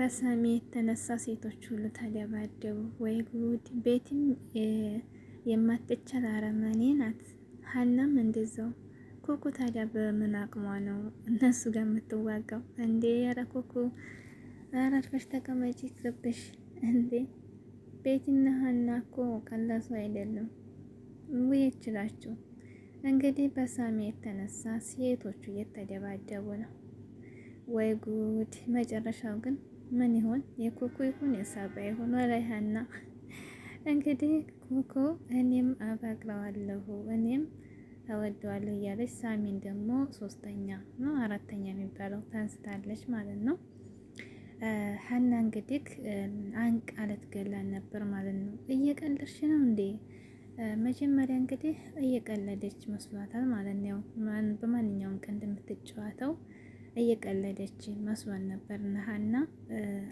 በሰሚ የተነሳ ሴቶች ሁሉ ተደባደቡ። ወይ ጉድ! ቤትም የማትቻል አረመኔ ናት። ሀናም እንደዛው ኩኩ ታዲያ በምን አቅሟ ነው እነሱ ጋር የምትዋጋው እንዴ? ኧረ ኩኩ አራርፈሽ ተቀመጪ፣ ልብሽ እንዴ ቤቲና ሀና እኮ ቀላል ሰው አይደለም። ውይ ይችላችሁ እንግዲህ በሳሚ የተነሳ ሴቶቹ እየተደባደቡ ነው። ወይ ጉድ! መጨረሻው ግን ምን ይሆን? የኩኩ ይሁን የሳባ ይሁን ወላይ ሀና እንግዲህ ኩኩ እኔም አፈቅረዋለሁ እኔም ተወደዋለሁ እያለች ሳሚን ደግሞ ሶስተኛ ነው አራተኛ የሚባለው ተንስታለች ማለት ነው። ሀና እንግዲህ አንቅ አለት ገላን ነበር ማለት ነው። እየቀለድሽ ነው እንዴ? መጀመሪያ እንግዲህ እየቀለደች መስሏታል ማለት ነው። በማንኛውም ቀን እንደምትጫወተው እየቀለደች መስሏን ነበር እና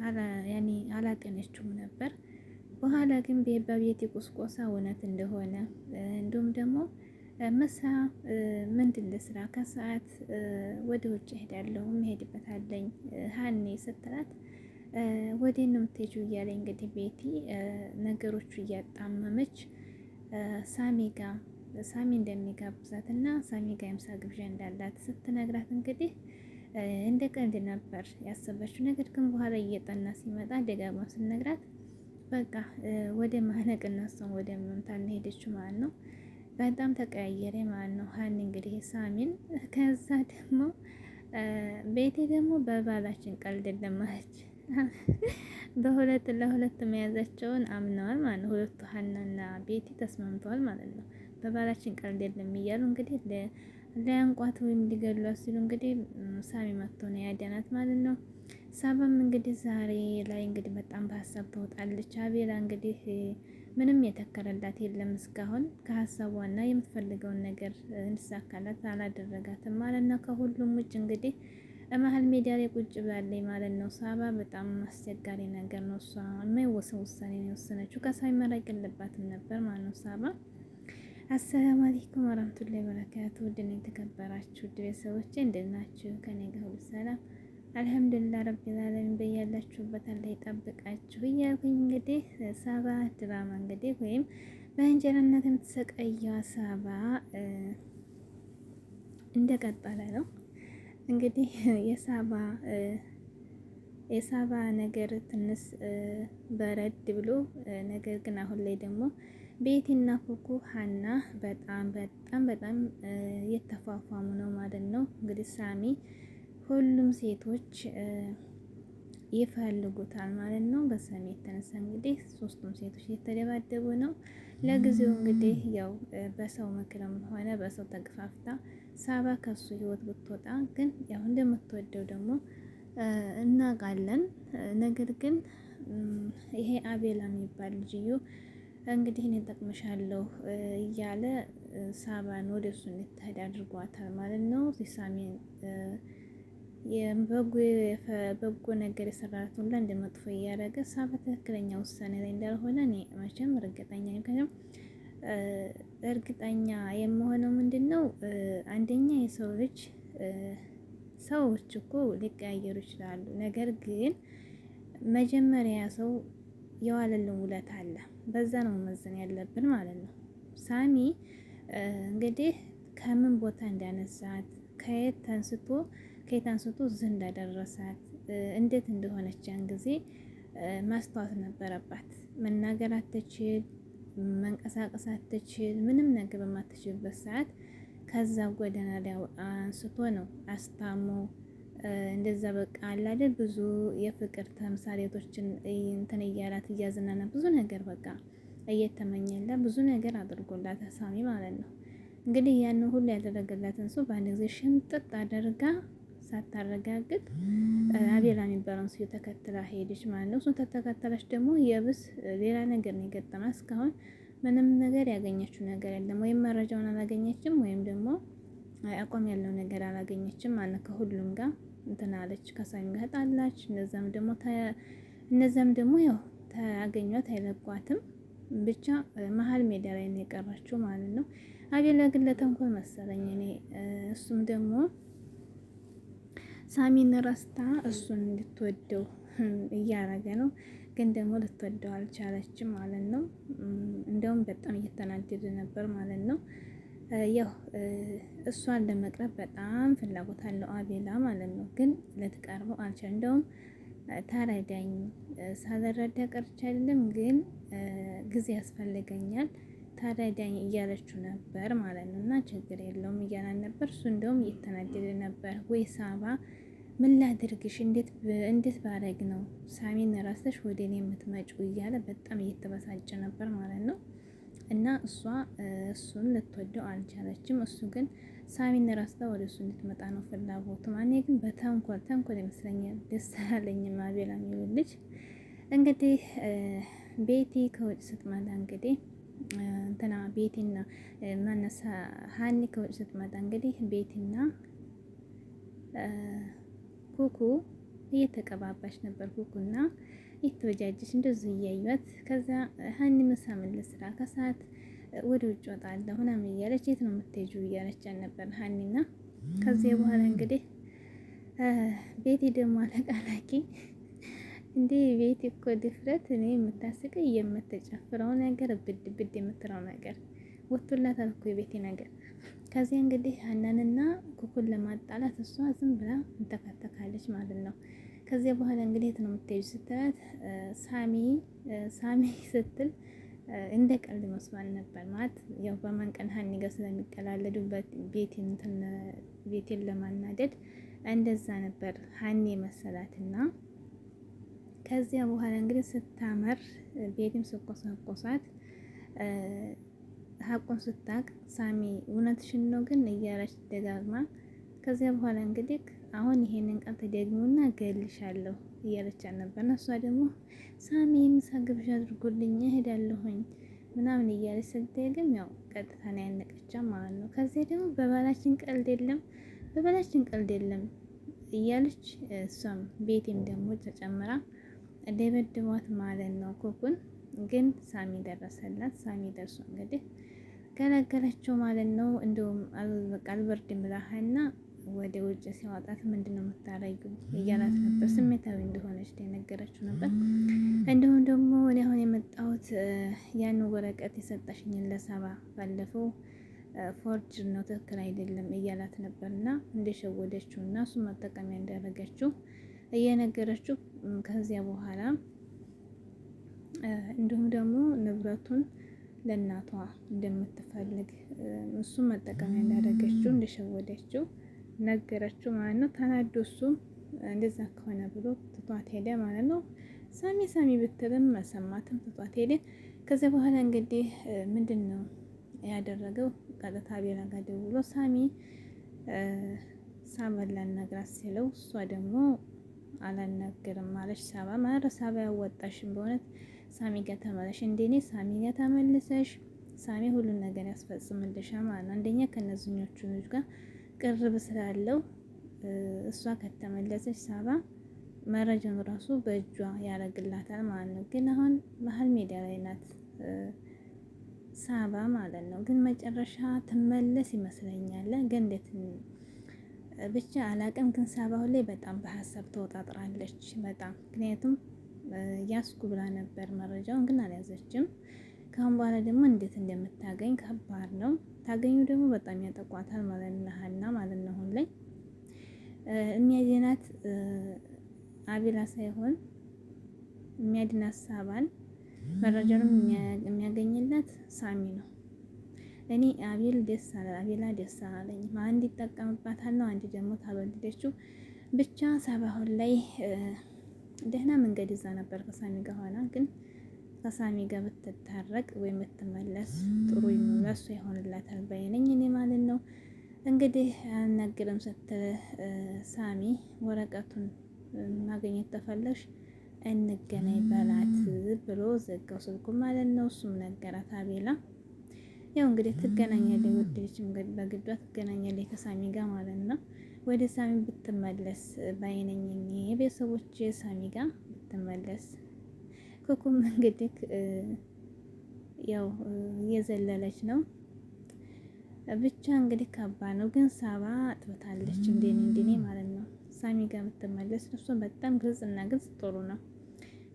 ሀና ያኔ አላጤነችውም ነበር። በኋላ ግን በቤት ቁስቆሳ እውነት እንደሆነ እንዲሁም ደግሞ ምሳ ምንድን ስራ ከሰዓት ወደ ውጭ እሄዳለሁ መሄድበት አለኝ ሀኔ ስትላት ወደ ነው የምትሄጂው እያለ እንግዲህ ቤቲ ነገሮቹ እያጣመመች ሳሚ ጋ ሳሚ እንደሚጋብዛት እና ሳሚ ጋ የምሳ ግብዣ እንዳላት ስትነግራት እንግዲህ እንደ ቀልድ ነበር ያሰበችው። ነገር ግን በኋላ እየጠና ሲመጣ ደጋግማ ስነግራት በቃ ወደ ማነቅ እሷን ወደ መምታ ሄደችው ማለት ነው። በጣም ተቀያየረ ማለት ነው። ሀኒ እንግዲህ ሳሚን ከዛ ደግሞ ቤቴ ደግሞ በባላችን ቀልድ ለማች በሁለት ለሁለት መያዛቸውን አምነዋል ማለት ነው። ሁለቱ ሀናና ቤቴ ተስማምተዋል ማለት ነው። በባላችን ቀልድ የለም እያሉ እንግዲህ ለያንቋት ወይም ሊገሏት ሲሉ እንግዲህ ሳሚ መጥቶ ነው ያዳናት ማለት ነው። ሳባም እንግዲህ ዛሬ ላይ እንግዲህ በጣም በሀሳብ ተውጣለች። አቤላ እንግዲህ ምንም የተከለላት የለም እስካሁን ከሀሳቧና የምትፈልገውን ነገር እንድሳካላት አላደረጋትም ማለት ነው። ከሁሉም ውጭ እንግዲህ መሀል ሜዳ ላይ ቁጭ ብላለች ማለት ነው። ሳባ በጣም አስቸጋሪ ነገር ነው። እሷ የማይወሰን ውሳኔ ነው የወሰነችው። ከሳሚ መራቅ የለባትም ነበር ማለት ነው ሳባ። አሰላሙ አለይኩም ወራህመቱላሂ ወበረካቱ። ውድ የተከበራችሁ ድሬ ሰዎች እንዴት ከኔ ጋር ሁሉ ሰላም አልሐምዱሊላህ ረቢል ዓለሚን በያላችሁበት አላህ ይጠብቃችሁ እያልኩኝ እንግዲህ ሳባ ድራማ እንግዲህ ወይም በእንጀራነት የምትሰቃየዋ ሳባ እንደቀጠለ ነው። እንግዲህ የሳባ የሳባ ነገር ትንሽ በረድ ብሎ ነገር ግን አሁን ላይ ደግሞ ቤቲና ኩኩ ሀና በጣም በጣም በጣም የተፏፏሙ ነው ማለት ነው እንግዲህ ሳሚ ሁሉም ሴቶች ይፈልጉታል ማለት ነው። በሰሚ የተነሳ እንግዲህ ሶስቱም ሴቶች እየተደባደቡ ነው። ለጊዜው እንግዲህ ያው በሰው ምክርም ሆነ በሰው ተገፋፍታ ሳባ ከሱ ህይወት ብትወጣ ግን ያው እንደምትወደው ደግሞ እናውቃለን። ነገር ግን ይሄ አቤላ የሚባል ልጅዮ እንግዲህ እኔ ጠቅምሻለሁ እያለ ሳባን ወደ እሱ እንድትሄድ አድርጓታል ማለት ነው ሲሳሜን በጎ ነገር የሰራት ሁላ እንደ መጥፎ እያደረገ እሷ በትክክለኛ ውሳኔ ላይ እንዳልሆነ እኔ መቼም እርግጠኛ ምክንያቱም እርግጠኛ የመሆነው ምንድን ነው አንደኛ የሰው ልጅ ሰዎች እኮ ሊቀያየሩ ይችላሉ። ነገር ግን መጀመሪያ ሰው የዋለልን ውለት አለ፣ በዛ ነው መመዘን ያለብን ማለት ነው። ሳሚ እንግዲህ ከምን ቦታ እንዳነሳት ከየት ተንስቶ ከየት አንስቶ እዚህ እንዳደረሳት እንዴት እንደሆነች ያን ጊዜ ማስታወስ ነበረባት። መናገር አትችል፣ መንቀሳቀስ አትችል፣ ምንም ነገር በማትችልበት ሰዓት ከዛ ጎዳና ላይ አንስቶ ነው አስታሞ እንደዛ በቃ አላደል ብዙ የፍቅር ተምሳሌቶችን እንትን እያላት እያዝናና ብዙ ነገር በቃ እየተመኘላ ብዙ ነገር አድርጎላት ሳሚ ማለት ነው። እንግዲህ ያን ሁሉ ያደረገላትን ሰው በአንድ ጊዜ ሽምጥጥ አደርጋ ሳታረጋግጥ አቤላ የሚባለውን ሰው ተከትላ ሄደች ማለት ነው። እሱን ተተከተለች ደግሞ የብስ ሌላ ነገር ነው የገጠማ። እስካሁን ምንም ነገር ያገኘችው ነገር የለም። ወይም መረጃውን አላገኘችም ወይም ደግሞ አቋም ያለው ነገር አላገኘችም ማለት ከሁሉም ጋር እንትን አለች። ከሳሚ ጋር ጣላች። እነዛም ደግሞ እነዛም ደግሞ ያው ታገኟት አይለቋትም። ብቻ መሀል ሜዳ ላይ ነው የቀራችው ማለት ነው። አቤላ ግን ለተንኮል መሰለኝ እኔ እሱም ደግሞ ሳሚን ረስታ እሱን እንድትወደው እያረገ ነው። ግን ደግሞ ልትወደው አልቻለችም ማለት ነው። እንደውም በጣም እየተናደደ ነበር ማለት ነው። ያው እሷን ለመቅረብ በጣም ፍላጎት አለው አቤላ ማለት ነው። ግን ልትቀርበው አልቻል። እንደውም ታረዳኝ፣ ሳልረዳ ቀርቻ አይደለም ግን ጊዜ ያስፈልገኛል ታረዳኝ እያለችው ነበር ማለት ነው። እና ችግር የለውም እያላን ነበር። እሱ እንደውም እየተናደደ ነበር። ወይ ሳባ ምን ላድርግሽ? እንዴት ባረግ ነው ሳሚን ራስተሽ ወደ እኔ የምትመጪው? እያለ በጣም እየተበሳጨ ነበር ማለት ነው። እና እሷ እሱን ልትወደው አልቻለችም። እሱ ግን ሳሚን ራስታ ወደ እሱ እንድትመጣ ነው ፍላጎቱ። ማኔ ግን በተንኮል ተንኮል ይመስለኛል። ደስ አላለኝም አቤላ የሚውልጅ እንግዲህ ቤቲ ከውጭ ስትመጣ እንግዲህ እንትና ቤቲና ማነሳ ሀኒ ከውጭ ስትመጣ እንግዲህ ቤቲና ኩኩ እየተቀባባች ነበር። ኩኩና የተወጃጀች እንደዚህ እያዩት ከዛ ሀኒ ምሳ ምን ልስራ ከሰዓት ወደ ውጭ ወጣለሁ ምናምን እያለች የት ነው የምትሄጂው እያለች ነበር ሀኒና ከዚያ በኋላ እንግዲህ ቤቲ ደግሞ አለቃላቂ እንዴ ቤት እኮ ድፍረት እኔ የምታስቀ የምትጨፍረው ነገር ብድ ብድ የምትለው ነገር ወቶላታል እኮ የቤቴ ነገር። ከዚያ እንግዲህ ሀናንና ኩኩን ለማጣላት እሷ ዝም ብላ እንተካተካለች ማለት ነው። ከዚያ በኋላ እንግዲህ የት ነው የምትሄጂው ስትላት ሳሚ ሳሚ ስትል እንደ ቀልድ መስማል ነበር ማለት ያው በማንቀን ሀኒ ጋር ስለሚቀላለዱ ቤቴን ለማናደድ እንደዛ ነበር ሀኒ መሰላትና ከዚያ በኋላ እንግዲህ ስታመር ቤትም ስቆሳቆሳት ሀቁን ስታቅ ሳሚ እውነትሽን ነው ግን እያለች ደጋግማ ከዚያ በኋላ እንግዲህ አሁን ይሄንን ቃል ተደግሙና ገልሻለሁ እያለች ነበርና እሷ ደግሞ ሳሚ የምሳ ግብዣ አድርጎልኝ እሄዳለሁኝ ምናምን እያለች ስትደግም ያው ቀጥታ ነው ያነቀቻ ማለት ነው። ከዚያ ደግሞ በባላችን ቀልድ የለም በባላችን ቀልድ የለም እያለች እሷም ቤቴም ደግሞ ተጨምራ ደበድቧት ማለት ነው ኩኩን። ግን ሳሚ ደረሰላት። ሳሚ ደርሶ እንግዲህ ገለገለችው ማለት ነው። እንደውም አልበርድም ብላሃና ወደ ውጭ ሲያወጣት ምንድን ነው የምታረጊው እያላት ነበር። ስሜታዊ እንደሆነች የነገረችው ነበር። እንዲሁም ደግሞ እኔ አሁን የመጣሁት ያን ወረቀት የሰጠሽኝን ለሰባ ባለፈው ፎርጅ ነው ትክክል አይደለም እያላት ነበር እና እንደሸወደችው እና እሱ መጠቀሚያ እንዳደረገችው እየነገረችው ከዚያ በኋላ እንዲሁም ደግሞ ንብረቱን ለእናቷ እንደምትፈልግ እሱም መጠቀሚያ እንዳደረገችው እንደሸወደችው ነገረችው ማለት ነው። ተናዶ እሱም እንደዛ ከሆነ ብሎ ትቷት ሄደ ማለት ነው። ሳሚ ሳሚ ብትልም መሰማትም ትቷት ሄደ። ከዚያ በኋላ እንግዲህ ምንድን ነው ያደረገው? ቀጥታ ቤላ ጋር ደውሎ ሳሚ ሳመላን ነግራት ሲለው እሷ ደግሞ አላናግርም አለች ሳባ። ማረ ሳባ ያወጣሽም በእውነት ሳሚ ጋር ተመለሽ፣ እንደኔ ሳሚ ጋር ተመልሰሽ ሳሚ ሁሉን ነገር ያስፈጽምልሻል ማለት ነው። አንደኛ ከነዚህኞቹ ልጅ ጋር ቅርብ ስላለው እሷ ከተመለሰች ሳባ መረጃውን ራሱ በእጇ ያደርግላታል ማለት ነው። ግን አሁን መሀል ሜዳ ላይ ናት ሳባ ማለት ነው። ግን መጨረሻ ትመለስ ይመስለኛል። ግን እንዴት ብቻ አላቅም። ግን ሳባ ላይ በጣም በሀሳብ ተወጣጥራለች። በጣም ምክንያቱም ያስኩ ብላ ነበር መረጃውን ግን አልያዘችም። ከአሁን በኋላ ደግሞ እንዴት እንደምታገኝ ከባድ ነው። ታገኙ ደግሞ በጣም ያጠቋታል ማለት ነው። ሀና ማለት ነው አሁን ላይ የሚያድናት አቤላ ሳይሆን የሚያድናት ሳባን መረጃውንም የሚያገኝላት ሳሚ ነው። እኔ አቤል ደስ አለ አቤላ ደስ አላለኝም። አንድ ይጠቀምባታል ነው፣ አንድ ደግሞ ታበልደችው። ብቻ ሰባሁን ላይ ደህና መንገድ ይዛ ነበር ከሳሚ ጋር ሆና ግን ከሳሚ ጋር ብትታረቅ ወይም ብትመለስ ጥሩ ይመለሱ ይሆንላታል ባይነኝ እኔ ማለት ነው። እንግዲህ አልነግርም ስትል ሳሚ ወረቀቱን ማግኘት ተፈለሽ እንገናኝ በላት ብሎ ዘጋው ስልኩ ማለት ነው። እሱም ነገራት አቤላ ያው እንግዲህ ትገናኛለች ወደችም እንግዲህ በግዷ ትገናኛለች ከሳሚ ጋር ማለት ነው። ወደ ሳሚ ብትመለስ ባይነኝ የቤተሰቦች ሳሚ ጋር ብትመለስ ኩኩም እንግዲህ ያው እየዘለለች ነው። ብቻ እንግዲህ ከባድ ነው፣ ግን ሳባ አጥብታለች እንደኔ እንደኔ ማለት ነው። ሳሚ ጋር ብትመለስ እሱ በጣም ግልጽ እና ግልጽ ጥሩ ነው።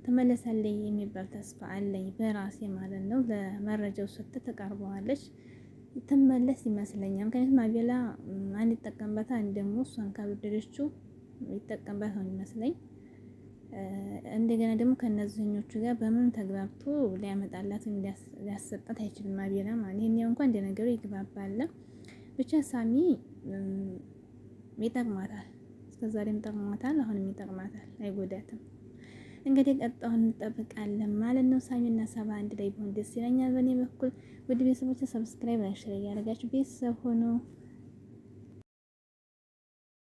ትመለሳለች የሚባል ተስፋ አለኝ በራሴ ማለት ነው። ለመረጃው ስት ተቀርበዋለች ትመለስ ይመስለኛል። ምክንያቱም አቤላ አንድ ይጠቀምበታ አንድ ደግሞ እሷን ካበደለችው ይጠቀምበት ነው ይመስለኝ። እንደገና ደግሞ ከነዚህኞቹ ጋር በምን ተግባብቶ ሊያመጣላት ወይም ሊያሰጣት አይችልም አቤላ ማለት ይህን ያው እንኳን እንደነገሩ ይግባባለ። ብቻ ሳሚ ይጠቅማታል፣ እስከዛሬም ጠቅሟታል፣ አሁንም ይጠቅማታል፣ አይጎዳትም። እንግዲህ ቀጣውን እንጠብቃለን ማለት ነው። ሳሚና ሰባ አንድ ላይ ቢሆን ደስ ይለኛል በእኔ በኩል። ውድ ቤተሰቦች ሰብስክራይብ ላይክ፣ ሼር እያደረጋችሁ ቤተሰብ ሆኖ